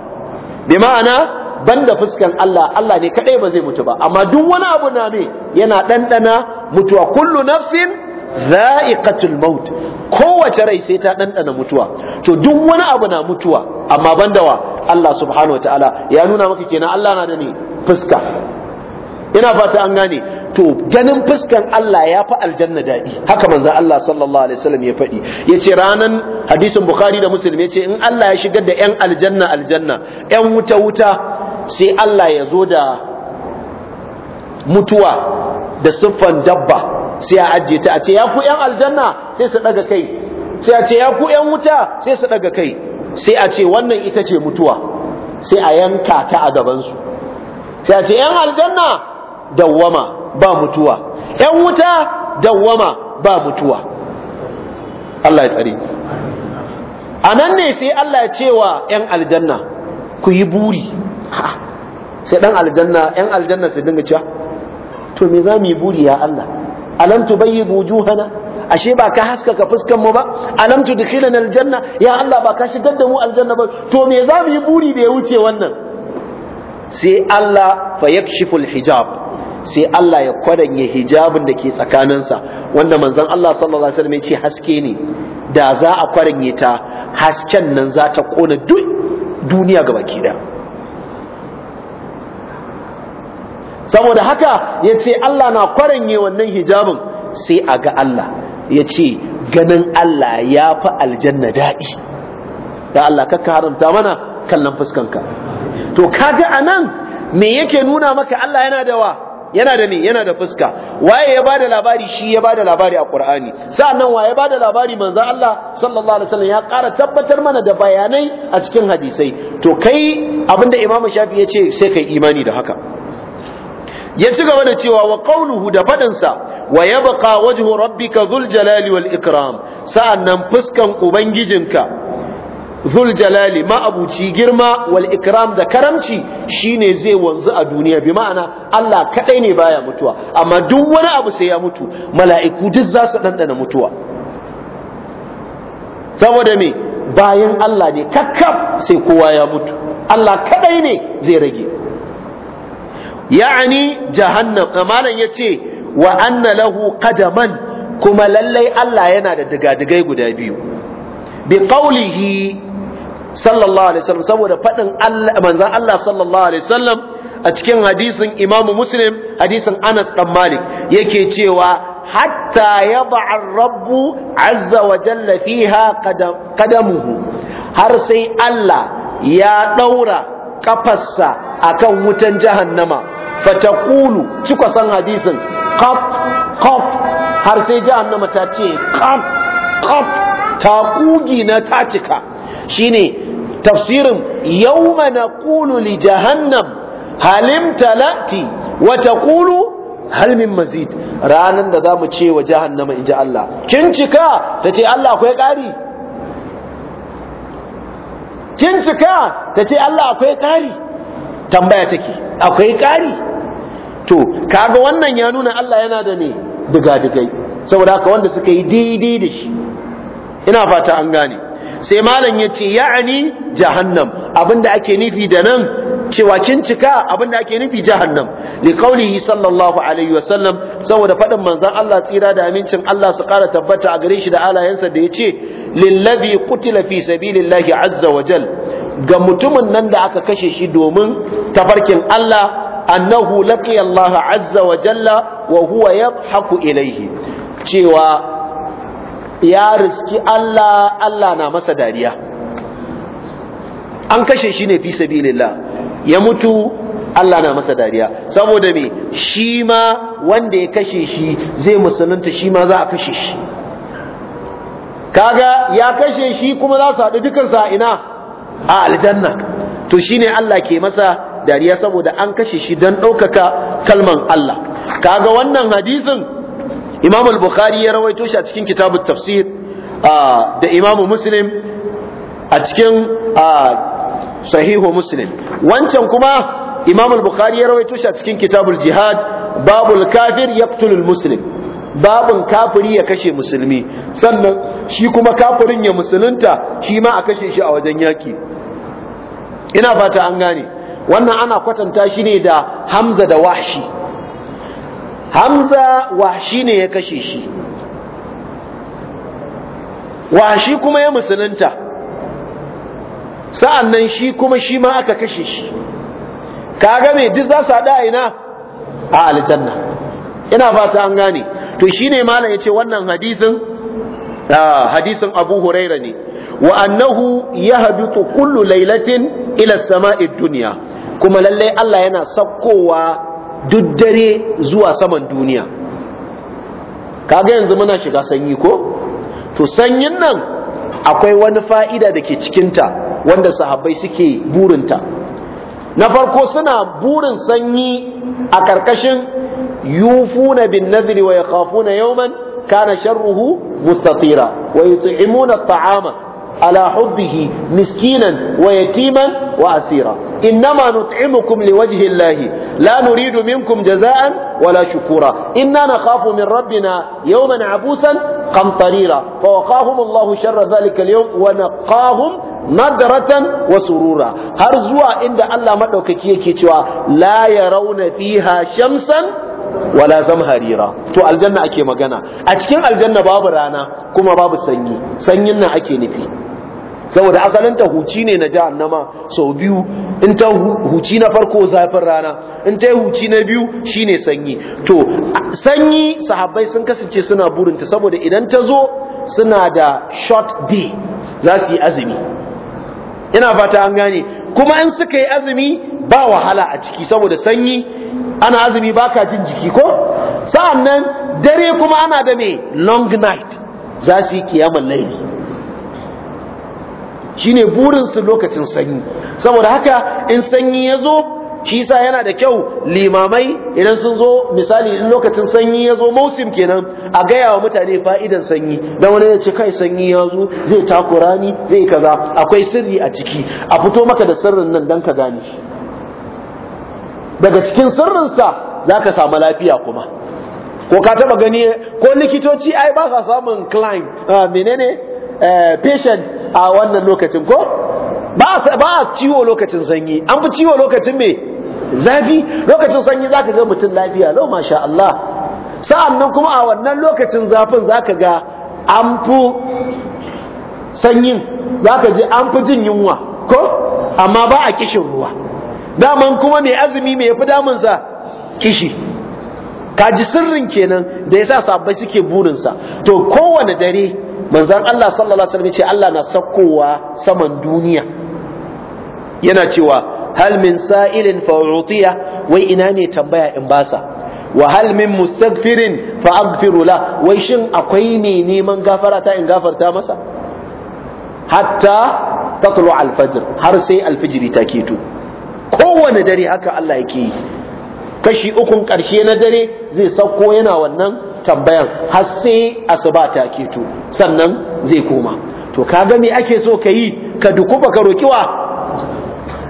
bi ma'ana banda fuskan Allah Allah ne kadai ba zai mutu ba amma duk wani abu na me yana dandana mutuwa kullu nafsin za'iqatul maut kowace rai sai ta dandana mutuwa to duk wani abu na mutuwa amma banda wa Allah subhanahu wataala ya nuna maka kenan Allah na da ne fuska ina fata an gane to ganin fuskan Allah ya fi aljanna daɗi haka manzo Allah sallallahu alaihi wasallam ya faɗi yace ranan hadisin bukhari da muslim yace in Allah ya shigar da yan aljanna aljanna yan wuta wuta sai Allah ya zo da mutuwa da siffan dabba sai a ajiye ta a ce ya ku yan aljanna sai su daga kai sai a ce ya ku yan wuta sai su daga kai sai a ce wannan ita ce mutuwa sai a yanka ta a gabansu sai a ce yan aljanna dawwama ba mutuwa yan wuta dawwama ba mutuwa Allah ya tsare a nan ne sai Allah ya ce wa ‘yan aljanna ku yi buri sai dan aljanna yan aljanna su dinga cewa to me za mu yi buri ya Allah alam tubayyidu wujuhana ashe ba ka haskaka fuskan mu ba alam tudkhilana aljanna ya Allah ba ka shigar da mu aljanna ba to me za mu yi buri da ya wuce wannan sai Allah fa yakshifu alhijab sai Allah ya kwadanye hijabin da ke tsakaninsa wanda manzon Allah sallallahu alaihi wasallam ya ce haske ne da za a kwaranye ta hasken nan za ta kona duk duniya gabaki daya saboda haka ya ce Allah na kwaranye wannan hijabin sai a ga Allah ya ce ganin Allah ya fi aljanna daɗi da Allah kakka haramta mana kallon fuskanka to kaga a nan me yake nuna maka Allah yana da wa yana da me yana da fuska waye ya ba da labari shi ya ba da labari a Qur'ani sa'annan waye da labari manzo Allah sallallahu alaihi wasallam ya ƙara tabbatar mana da bayanai a cikin hadisai to kai abinda Imam Shafi ya ce sai kai imani da haka ya ci gaba da cewa wa qauluhu da fadin sa wa yabqa wajhu rabbika dhul jalali wal ikram sa'annan fuskan ubangijinka dhul jalali ma abuci girma wal ikram da karamci shine zai wanzu a duniya bi ma'ana Allah kadai ne baya mutuwa amma duk wani abu sai ya mutu mala'iku duk za su dandana mutuwa saboda me bayan Allah ne kakkab sai kowa ya mutu Allah kadai ne zai rage ya'ani jahannam malam yace wa anna lahu qadaman kuma lallai Allah yana da digadigai guda biyu bi qawlihi sallallahu alaihi wasallam saboda fadin Allah manzon Allah sallallahu alaihi wasallam a cikin hadisin Imam Muslim hadisin Anas dan Malik yake cewa hatta yad'a rabbu azza wa jalla fiha qadamuhu har sai Allah ya daura kafarsa akan wutan jahannama Fatakulu kika san hadisin qaf qaf har sai jahannama ta ce qaf qaf ta kugi na ta cika shine tafsirin yawma naqulu li jahannam halim talati wa taqulu hal min mazid ranan da zamu ce wa jahannama inji Allah kin cika tace Allah akwai kin cika tace Allah akwai ƙari tambaya take akwai ƙari to kaga wannan ya nuna Allah yana da me diga-digai saboda haka wanda suka yi daidai da shi ina fata an gane sai malam ya ce ya'ani jahannam abinda ake nufi da nan cewa kin cika abinda ake nufi jahannam li qaulihi sallallahu alaihi sallam saboda faɗin manzon Allah tsira da amincin Allah su kara tabbata a gare shi da alayensa da ya ce. lillazi qutila fi sabilillahi azza wa jal ga mutumin nan da aka kashe shi domin tafarkin Allah annahu laqiya Allah azza wa jalla wa huwa yadhaku ilayhi cewa ya riski Allah Allah na masa dariya an kashe shi ne fi sabilillah ya mutu Allah na masa dariya saboda me shi ma wanda ya kashe shi zai musulunta shi ma za a kashe shi kaga ya kashe shi kuma za su haɗu dukansu a ina a aljanna to shine Allah ke masa dariya saboda an kashe shi don ɗaukaka kalman Allah kaga wannan hadisin Imam al-Bukhari ya rawaito shi a cikin kitabut tafsir da Imam Muslim a cikin sahihu Muslim wancan kuma Imam al-Bukhari ya rawaito shi a cikin kitabul jihad babul kafir yaqtulul muslim babin kafiri ya kashe musulmi sannan shi kuma kafirin ya musulunta shi ma a kashe shi a wajen yaki ina fata an gane wannan ana kwatanta shi ne da hamza da wahshi hamza wahshi ne ya kashe shi wahshi kuma ya musulunta sa'an nan shi kuma shi ma aka kashe shi ka mai duk za su haɗa ina a aljanna ina fata an gane to shi shine malam yace wannan hadisin ah, hadisin Abu Huraira ne wa annahu yahbitu kullu lailatin ila samai duniya. kuma lallai Allah yana sakkowa duk dare zuwa saman duniya kaga yanzu muna shiga sanyi ko to sanyin nan akwai wani fa'ida da ke cikinta wanda sahabbai suke burinta na farko suna burin sanyi a ƙarƙashin يوفون بالنذر ويخافون يوما كان شره مستطيرا ويطعمون الطعام على حبه مسكينا ويتيما وأسيرا إنما نطعمكم لوجه الله لا نريد منكم جزاء ولا شكورا إنا نخاف من ربنا يوما عبوسا قمطريرا فوقاهم الله شر ذلك اليوم ونقاهم نضرة وسرورا هرزوا عند الله inda Allah لا يرون فيها شمسا wala harira to aljanna ake magana a cikin aljanna babu rana kuma babu sanyi sanyin nan ake nufi saboda asalin ta huci ne na jahannama sau biyu in ta huci na farko zafin rana in ta huci na biyu shine sanyi to sanyi sahabbai sun kasance suna burinta saboda idan ta zo suna da short day za su yi azumi ina fata an gane kuma in suka yi azumi ba wahala a ciki saboda sanyi ana azumi ba ka jin jiki ko sa'annan dare kuma ana da me long night za su yi kiyamar laifi shine burin su lokacin sanyi saboda haka in sanyi ya zo shi yasa yana da kyau limamai idan sun zo misali in lokacin sanyi ya zo Musim kenan a gaya wa mutane fa'idan sanyi dan wani ya ce kai sanyi ya zo zai takura ni zai kaza akwai sirri a ciki a fito maka da sirrin nan dan ka gane daga cikin sirrinsa zaka samu lafiya kuma ko ka taba gani ko likitoci ai ba sa samun client ah, menene eh, patient a wannan lokacin ko ba sa ba ciwo lokacin sanyi an fi ciwo lokacin me zafi lokacin sanyi zaka ga mutum lafiya lau masha Allah nan kuma a wannan lokacin zafin zaka ga an fi sanyin zaka ji an fi jin yunwa ko amma ba a kishin ruwa daman kuma mai azumi mai yafi damunsa kishi kaji sirrin kenan da yasa sabbai suke burinsa to kowane dare manzan Allah sallallahu alaihi wasallam ce Allah na sakkowa saman duniya yana cewa hal min sa'ilin fa utiya wai ina ne tambaya in basa wa hal min mustaghfirin fa aghfiru la wai shin akwai ne neman gafara ta in gafarta masa hatta tatlu al fajr har sai al fajr ta keto kowane dare haka Allah yake yi kashi ukun karshe na dare zai sauko yana wannan tambayan har sai asuba ta keto sannan zai koma to kaga me ake so ka yi ka dukuba ka roki wa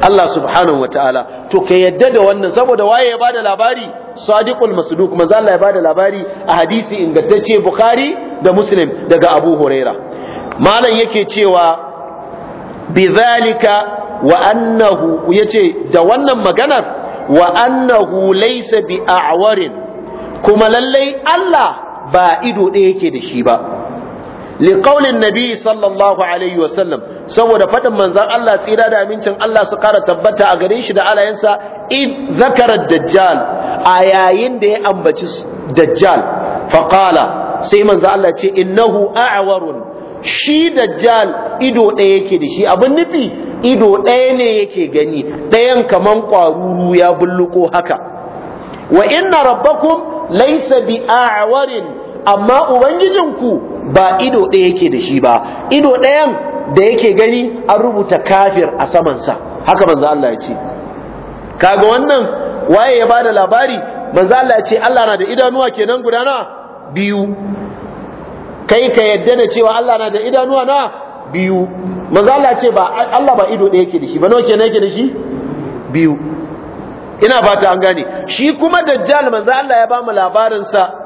Allah subhanahu wa ta'ala. to ka yadda da wannan saboda waye ya ba da labari sadiqul masduq manzo Allah ya bada labari a hadisi ingantacce bukhari da muslim daga abu huraira malam yake cewa zalika wa annahu yace da wannan maganar wa annahu laysa bi a'warin kuma lallai Allah ba ido ɗaya yake da shi ba liqaulin nabi sallallahu alaihi wasallam saboda faɗin manzan Allah tsira da amincin Allah su kara tabbata a gare shi da alayensa id zakara dajjal a yayin da ya ambaci dajjal faqala sai manzan Allah ce innahu a'warun shi dajjal ido ɗaya yake da shi abin nufi ido ɗaya ne yake gani ɗayan kaman ƙwaruru ya bulluko haka wa inna rabbakum laysa bi a'warin amma ubangijinku ba ido ɗaya yake da shi ba ido ɗayan da yake gani an rubuta kafir a samansa haka manzo Allah ya ce kaga wannan waye ya bada labari manzo Allah ya ce Allah na da idanuwa kenan guda na biyu kai ka yadda da cewa Allah na da idanuwa na biyu manzo Allah ya ce ba Allah ba ido ɗaya yake da shi ba nawa kenan yake da shi biyu ina fata an gane shi kuma dajjal manzo Allah ya ba mu labarin sa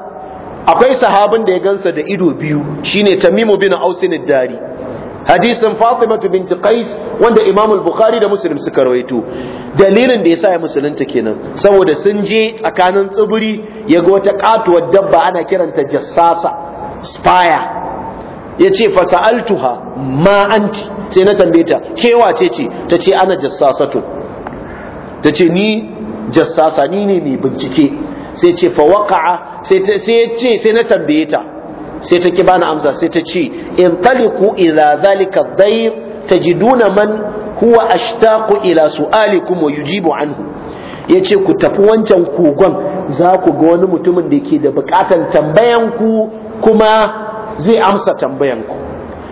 akwai sahabin da ya gansa da ido biyu shine tamimu bin ausin dari hadisin fatima bint qais wanda imam al-bukhari da muslim suka rawaito dalilin da yasa ya musulunta kenan saboda sun je tsakanin tsibiri yaga wata katuwar dabba ana kiranta jassasa spire yace fa sa'altuha ma anti sai na tambaye ta ke wace ce tace ana jassasatu tace ni jassasa ni ne mai bincike sai ce fa waqa'a sai ce sai na tambaye ta sai ta ki bani amsa sai ta ce in taliku ila zalika dayr tajiduna man huwa ashtaqu ila su'alikum wa yujibu anhu yace ku tafi wancan kogon za ku ga wani mutumin da ke da bukatan tambayan ku kuma zai amsa tambayan ku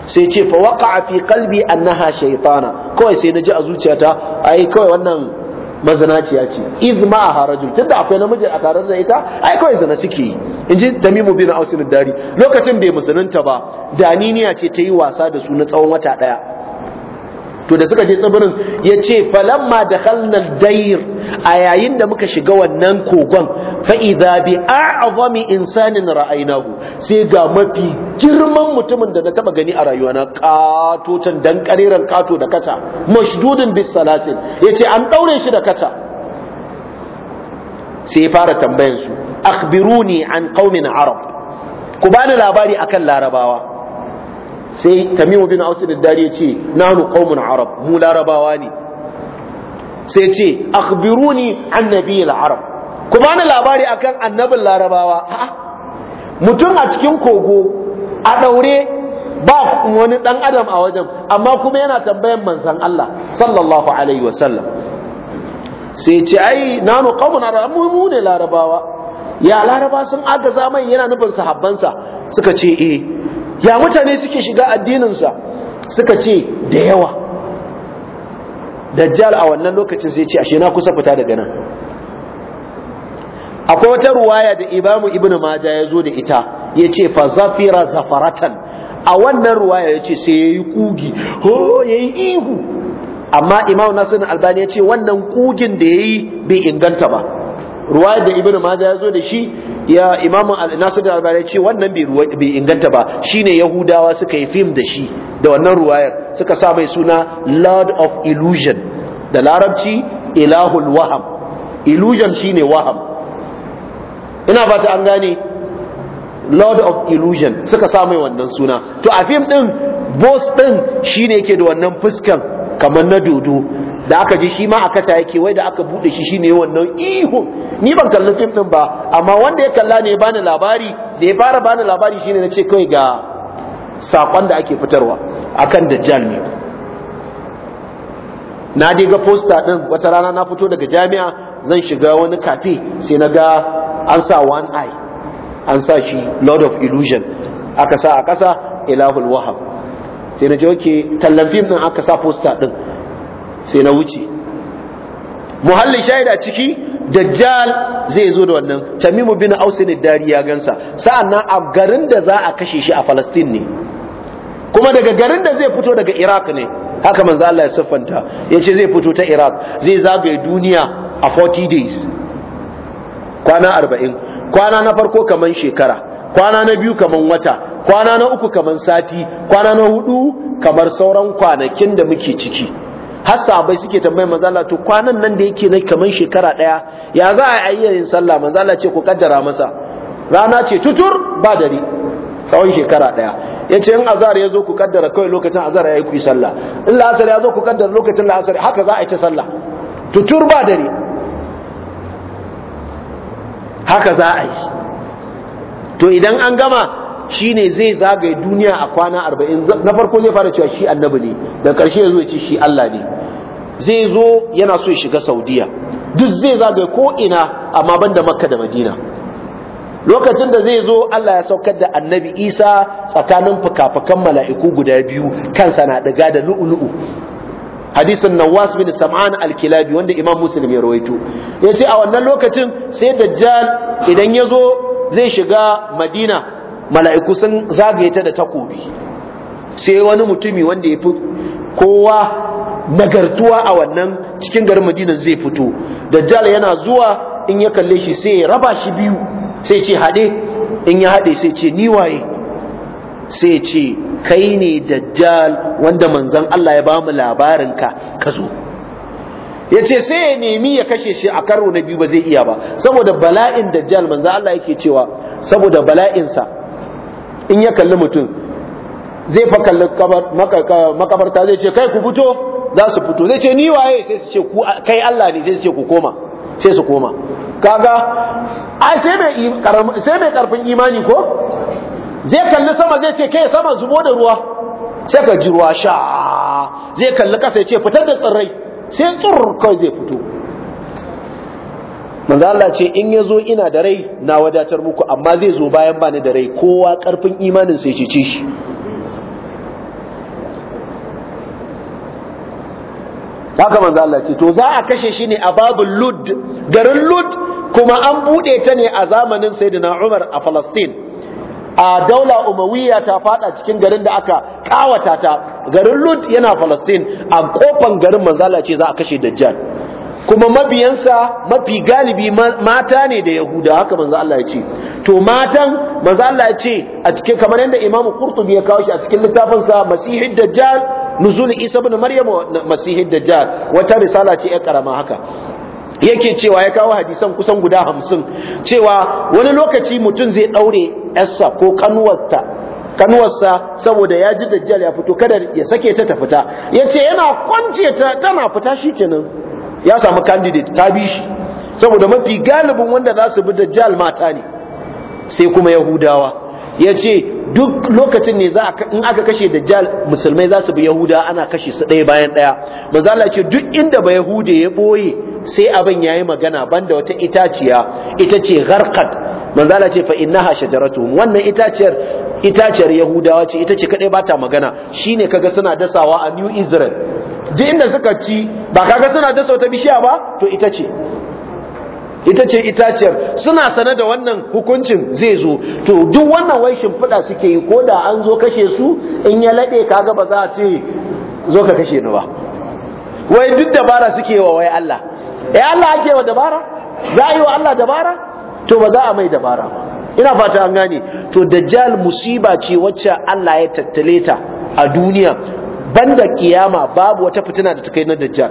sai ce fa waqa'a fi qalbi annaha shaytana kawai sai naji a zuciyata ai kawai wannan mazinaciya ce iz a rajul tunda akwai namiji a tare da ita ai kawai zina suke yi in ji tamimu bin ausin dari lokacin bai musulunta ba daniniya ce ta yi wasa da su na tsawon wata daya to da suka je tsibirin ya ce falamma da halnal dair a yayin da muka shiga wannan kogon fa'iza bi a'azami insanin ra'ainahu sai ga mafi girman mutumin da na taba gani a rayuwa na katotan dan kato da kata mashdudin bis salatin yace an ɗaure shi da kata sai fara tambayan su akhbiruni an qaumin arab ku bani labari akan larabawa sai tamimu bin ausu da dare ce nanu qaumun arab mu larabawa ne sai ce akhbiruni an nabiyil arab kuma ni labari akan annabin larabawa mutum a cikin kogo a daure ba wani dan adam a wajen amma kuma yana tambayan manzon Allah sallallahu alaihi wasallam sai ce ai nanu qaumun arab mu ne larabawa ya laraba sun agaza mai yana nufin sahabbansa suka ce eh ya mutane suke shiga addininsa suka ce da yawa dajjal a wannan lokacin sai ce ashe na kusa fita daga nan akwai wata ruwaya da Ibamu ibnu maja ya zo da ita ya ce fa zafira zafaratan a wannan ruwaya ya ce sai ya yi kugi ho ya yi ihu amma imam nasirin albani ya ce wannan kugin da ya yi bai inganta ba ruwaya da ibnu maja ya zo da shi ya imamu nasir al albani ce wannan bai inganta ba shine yahudawa suka yi fim da shi da wannan ruwayar suka sa mai suna lord of illusion da larabci ilahul waham illusion shine waham ina fata an gane lord of illusion suka sa mai wannan suna to a fim din boss din shine yake da wannan fuskan kamar na dodo da aka ji shi ma a kaca yake wai da aka bude shi shine wannan ihu ni ban kalli fim din ba amma wanda ya kalla ne bani labari da ya fara bani labari shine na ce kawai ga sakon da ake fitarwa akan dajjal ne na dai ga posta din wata rana na fito daga jami'a zan shiga wani cafe sai na ga an sa one eye an sa shi lord of illusion aka sa a kasa ilahul wahab sai na je oke tallan fim din aka sa posta din sai na wuce muhallin shaida ciki dajjal zai zo da wannan tamimu bin ausin dari ya gansa sa'annan a garin da za a kashe shi a falastin ne kuma daga garin da zai fito daga iraq ne haka manzo Allah ya siffanta yace zai fito ta iraq zai zagaye duniya a 40 days kwana 40 kwana na farko kaman shekara kwana na biyu kaman wata kwana na uku kaman sati kwana na hudu kamar sauran kwanakin da muke ciki har sahabbai suke tambayar manzo Allah to kwanan nan da yake na kaman shekara daya ya za a yi yin sallah manzo Allah ce ku kaddara masa rana ce tutur ba dare tsawon shekara daya yace in azhar ya zo ku kaddara kai lokacin azhar yayi ku sallah in la'asar ya zo ku kaddara lokacin la'asar haka za a yi ta sallah tutur ba dare haka za a yi to idan an gama Shi ne zai zagaye duniya a kwana arba'in na farko zai fara cewa shi annabi ne da karshe ya zo ya ce shi Allah ne zai zo yana so ya shiga saudiya duk zai zagaye ko ina amma banda makka da madina lokacin da zai zo Allah ya saukar da annabi isa tsakanin fuka mala'iku guda biyu kansa na ɗiga da lu'ulu'u hadisin nawas bin sam'an al-kilabi wanda imam muslim ya rawaito ya ce a wannan lokacin sai dajjal idan ya zo zai shiga madina mala'iku sun zagaye ta da takobi sai wani mutumi wanda ya fi kowa nagartuwa a wannan cikin garin madinan zai fito dajjal yana zuwa in ya kalle shi sai ya raba shi biyu sai ce haɗe in ya haɗe sai ce ni waye sai ce kai ne dajjal wanda manzon Allah ya ba mu labarinka ka zo ya ce sai ya nemi ya kashe shi a karo na biyu ba zai iya ba saboda bala'in dajjal manzon Allah yake cewa saboda bala'insa in ya kalli mutum zai fa kalli makabarta zai ce kai ku fito za su fito zai ce ni waye sai su ce kai Allah ne sai su ce ku koma sai su koma kaga ai sai mai sai mai karfin imani ko zai kalli sama zai ce kai sama zubo da ruwa sai ka ji ruwa sha zai kalli kasa ya ce fitar da tsirrai sai tsur zai fito manzo Allah ce in ya zo ina da rai na wadatar muku amma zai zo bayan bani da rai kowa karfin imanin sai ce shi haka manzo Allah ce to za a kashe shi ne a babul lud garin lud kuma an bude ta ne a zamanin sayyidina Umar a Palestine a daula umawiya ta fada cikin garin da aka kawata ta garin lud yana Palestine a kofan garin manzo Allah ce za a kashe dajjal kuma mabiyansa mafi galibi mata ne da yahuda haka manzo Allah ya ce to matan manzo Allah ya ce a cikin kamar yadda imamu qurtubi ya kawo shi a cikin littafin sa masihid dajjal nuzul isa ibn maryam masihid dajjal wata risala ce ya karama haka yake cewa ya kawo hadisan kusan guda hamsin cewa wani lokaci mutum zai daure yarsa ko kanuwarta kanuwarsa saboda ya ji dajjal ya fito kada ya sake ta ta fita ce yana kwance ta tana fita shi shikenan ya samu candidate ta bi shi saboda mafi galibin wanda za su bi dajjal mata ne sai kuma yahudawa ya ce duk lokacin ne in aka kashe dajjal musulmai za su bi yahuda ana kashe su ɗaya bayan ɗaya manzala ce duk inda ba yahude ya ɓoye sai abin ya yi magana banda wata itaciya ita ce gharkat manzala ce fa innaha shajaratun wannan itaciyar itaciyar yahudawa ce ita ce kaɗai ba ta magana shine kaga suna dasawa a new israel duk inda suka ci ba kaga suna dasa wata bishiya ba to ita ce ita ce itaciyar suna sane da wannan hukuncin zai zo to duk wannan wai shimfiɗa suke yi ko da an zo kashe su in ya laɗe kaga ba za a ce zo ka kashe ni ba wai duk dabara suke wa wai Allah eh Allah ake wa dabara za a yi wa Allah dabara to ba za a mai dabara ba ina fata an gane to dajjal musiba ce wacce Allah ya tattale ta a duniya banda kiyama babu wata fitina da ta na dajjal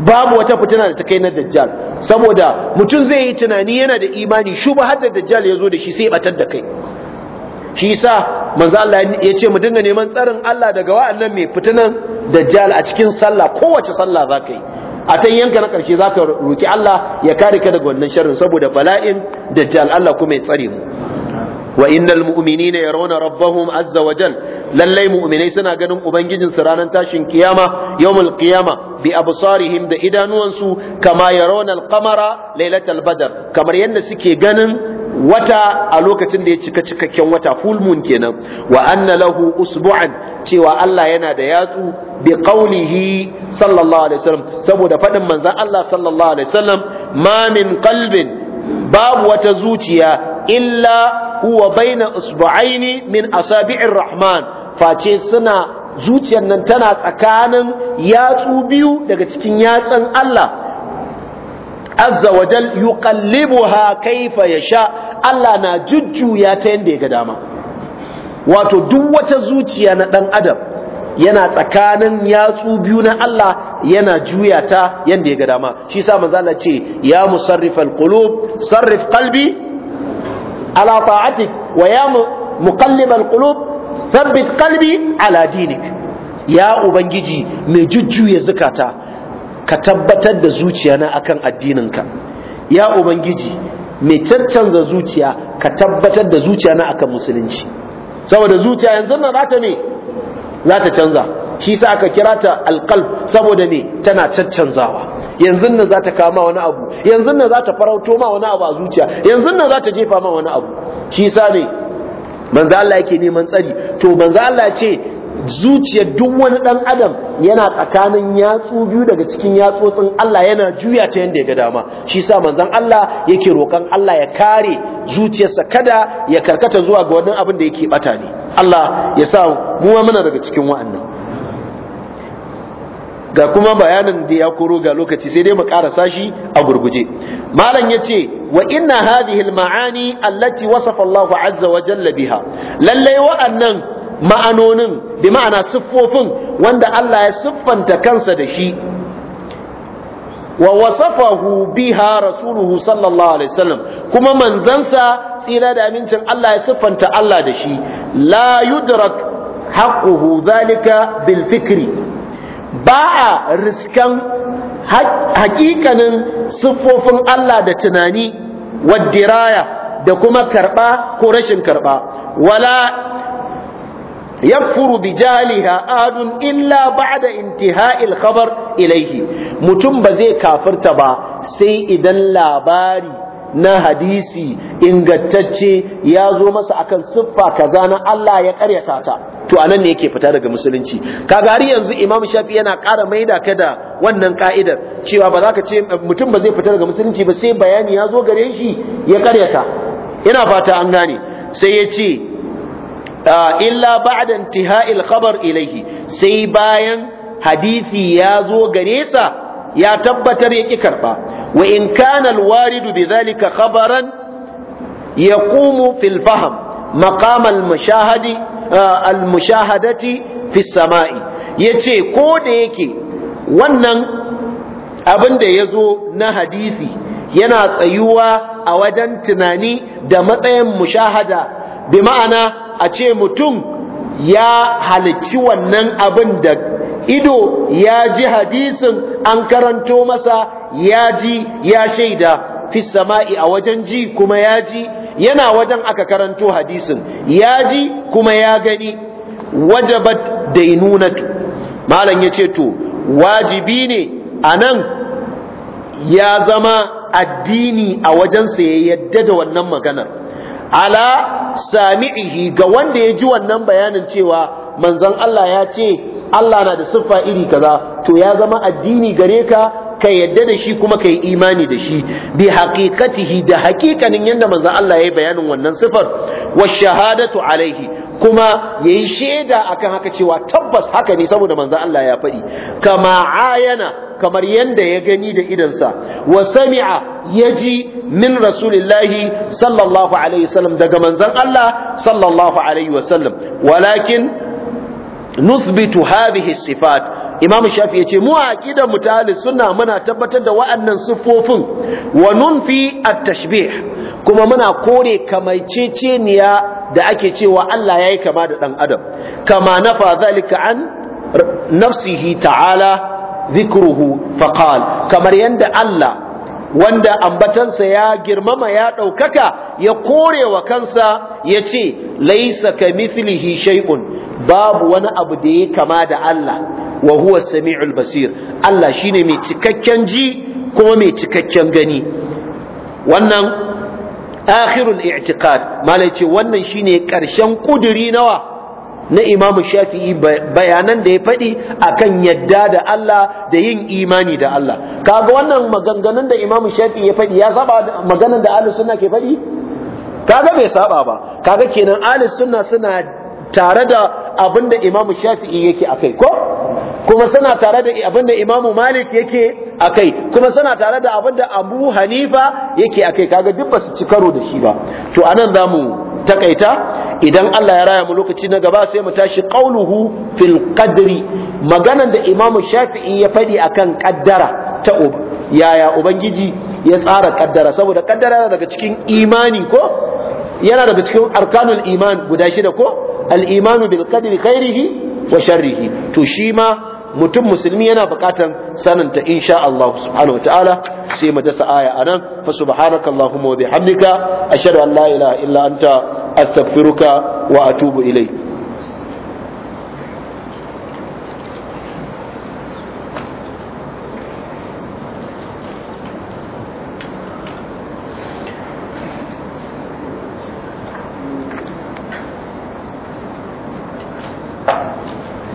babu wata fitina da ta kai na dajjal saboda mutum zai yi tunani yana da imani shuba har da dajjal ya zo da shi sai batar da kai shi sa manzo Allah ya ce mu dinga neman tsarin Allah daga wa'annan mai fitinan dajjal a cikin sallah kowace sallah ka yi a tan yanka na ƙarshe zaka roki Allah ya kare ka daga wannan sharrin saboda bala'in dajjal Allah kuma ya tsare mu wa innal mu'minina yarawna rabbahum azza wa jal lallai mu'minai suna ganin ubangijin su ranar tashin kiyama yawmul qiyama bi absarihim da idanuwansu kama yarawna al-qamara lailatal badr kamar yadda suke ganin wata a lokacin da ya cika cikakken wata full moon kenan wa anna lahu usbu'an cewa Allah yana da yatsu bi qawlihi sallallahu alaihi wasallam saboda fadin manzon Allah sallallahu alaihi wasallam ma min qalbin babu wata zuciya illa huwa baina usbu'aini min asabi'ir rahman face suna zuciyar nan tana tsakanin yatsu biyu daga cikin yatsan Allah azza wa jal yuqallibuha kaifa yasha Allah na jujjuya ta yanda ya ga dama wato duk wata zuciya na dan adam yana tsakanin yatsu biyu na Allah yana juya ta yanda ya ga dama shi yasa manzo Allah ce ya musarrifal qulub sarrif qalbi ala ta'atik wa ya muqallibal qulub thabbit qalbi ala dinik ya ubangiji mai jujjuya zukata ka tabbatar da zuciyana akan addininka ya ubangiji mai caccanza zuciya ka tabbatar da zuciyana akan musulunci saboda zuciya yanzu nan za ta canza shi sa aka kira ta alqalb saboda me tana caccanzawa yanzu nan za ta kama wani abu yanzu nan za ta farauto ma wani abu a zuciya yanzu nan za ta jefa ma wani abu shi sa ne manzo Allah yake neman tsari to manzo Allah ce zuciyar duk wani dan adam yana tsakanin yatsu biyu daga cikin yatsotsin Allah yana juya ta yanda ya ga dama shi sa manzon Allah yake roƙon Allah ya kare zuciyarsa kada ya karkata zuwa ga wani abin da yake bata ne Allah ya sa mu muna daga cikin wa'annan ga kuma bayanin da ya koro ga lokaci sai dai mu karasa shi a gurguje malam yace wa inna hadhihi al-ma'ani allati wasafa Allahu azza wa jalla biha Lallai wa'annan ma'anonin bi ma'ana siffofin wanda Allah ya siffanta kansa da shi wa wasafahu biha rasuluhu sallallahu alaihi wasallam kuma manzansa tsira da amincin Allah ya siffanta Allah da shi la yudrak haqquhu dhalika bil fikri ba a riskan hakikanin siffofin Allah da tunani waddiraya da kuma karɓa ko rashin karɓa wala yakfuru bi jaliha adun illa ba'da intiha'il khabar ilaihi mutum ba zai kafirta ba sai idan labari na hadisi ingantacce ya zo masa akan siffa kaza na Allah ya karyata ta to anan ne yake fita daga musulunci kaga har yanzu Imam Shafi yana ƙara maida ka da wannan ka'idar cewa ba za ka ce mutum ba zai fita daga musulunci ba sai bayani ya zo gare shi ya karyata ina fata an gane sai ya ce illa ba'da intihai al-khabar ilayhi sai bayan hadisi ya zo gare sa ya tabbatar ya ki karɓa, wa in kana alwaridu bidhalika khabaran yaqumu fil fahm maqam almushahadi almushahadati fi samai yace ko da yake wannan abin da yazo na hadisi yana tsayuwa a wajen tunani da matsayin mushahada bi ma'ana a ce mutum ya halicci wannan abin da ido ya ji hadisin an karanto masa ya ji ya shaida fi sama'i a wajen ji kuma ya ji yana wajen aka karanto hadisin ya ji kuma ya gani wajabat dainunatu malam ce to wajibi ne A nan ya zama addini a wajensa ya yadda da wannan maganar ala sami'ihi ga wanda ya ji wannan bayanin cewa manzon Allah ya ce Allah na da siffa iri kaza to ya zama addini gare ka ka yadda da shi kuma ka yi imani da shi bi haqiqatihi da haƙiƙanin yadda manzon Allah ya yi bayanin wannan siffar wa shahadatu alaihi kuma yayi shaida akan haka cewa tabbas haka ne saboda manzon Allah ya faɗi kama ayana kamar yadda ya gani da idansa wa sami'a yaji min rasulillahi sallallahu alaihi wasallam daga manzon Allah sallallahu alaihi wasallam walakin nusbitu hadhihi sifat imam shafi yace mu aqidar mutali ta sunna muna tabbatar da wa'annan siffofin wa nunfi at-tashbih kuma muna kore kamaiceceniya da ake cewa Allah yayi kama da dan adam kama nafa zalika an nafsihi ta'ala dhikruhu faqal kamar yanda Allah wanda ambatansa ya girmama ya ɗaukaka ya kore wa kansa ya ce laisa ka mithlihi shay'un babu wani abu da ya kama da Allah wa huwa sami'ul basir Allah shine mai cikakken ji kuma mai cikakken gani wannan akhirul i'tiqad malai ce wannan shine karshen kuduri nawa na imamu shafi'i bayanan da ya faɗi a kan yadda da Allah da yin imani da Allah kaga wannan maganganun da imamu shafi'i ya faɗi ya saba maganan da ahlus sunna ke faɗi kaga bai saba ba kaga kenan ahlus sunna suna tare da abinda imamu shafi'i yake akai ko kuma suna tare da abinda imamu malik yake akai kuma suna tare da abinda abu hanifa yake akai kaga duk ba su ci karo da shi ba to anan za mu takaita idan Allah ya raya mu lokaci na gaba sai mu tashi qauluhu fil qadri maganan da imamu shafi'i ya fadi akan ƙaddara ta yaya ubangiji ya tsara ƙaddara saboda ƙaddara daga cikin imani ko yana daga cikin arkanul iman guda shida ko al-imanu bil kai khairihi wa sharrihi to shi ma mutum musulmi yana bukatan saninta insha Allah subhanahu wataala sai mu dasa aya anan fa subhanaka allahumma wa bihamdika ashhadu an la ilaha illa anta astaghfiruka wa atubu ilayk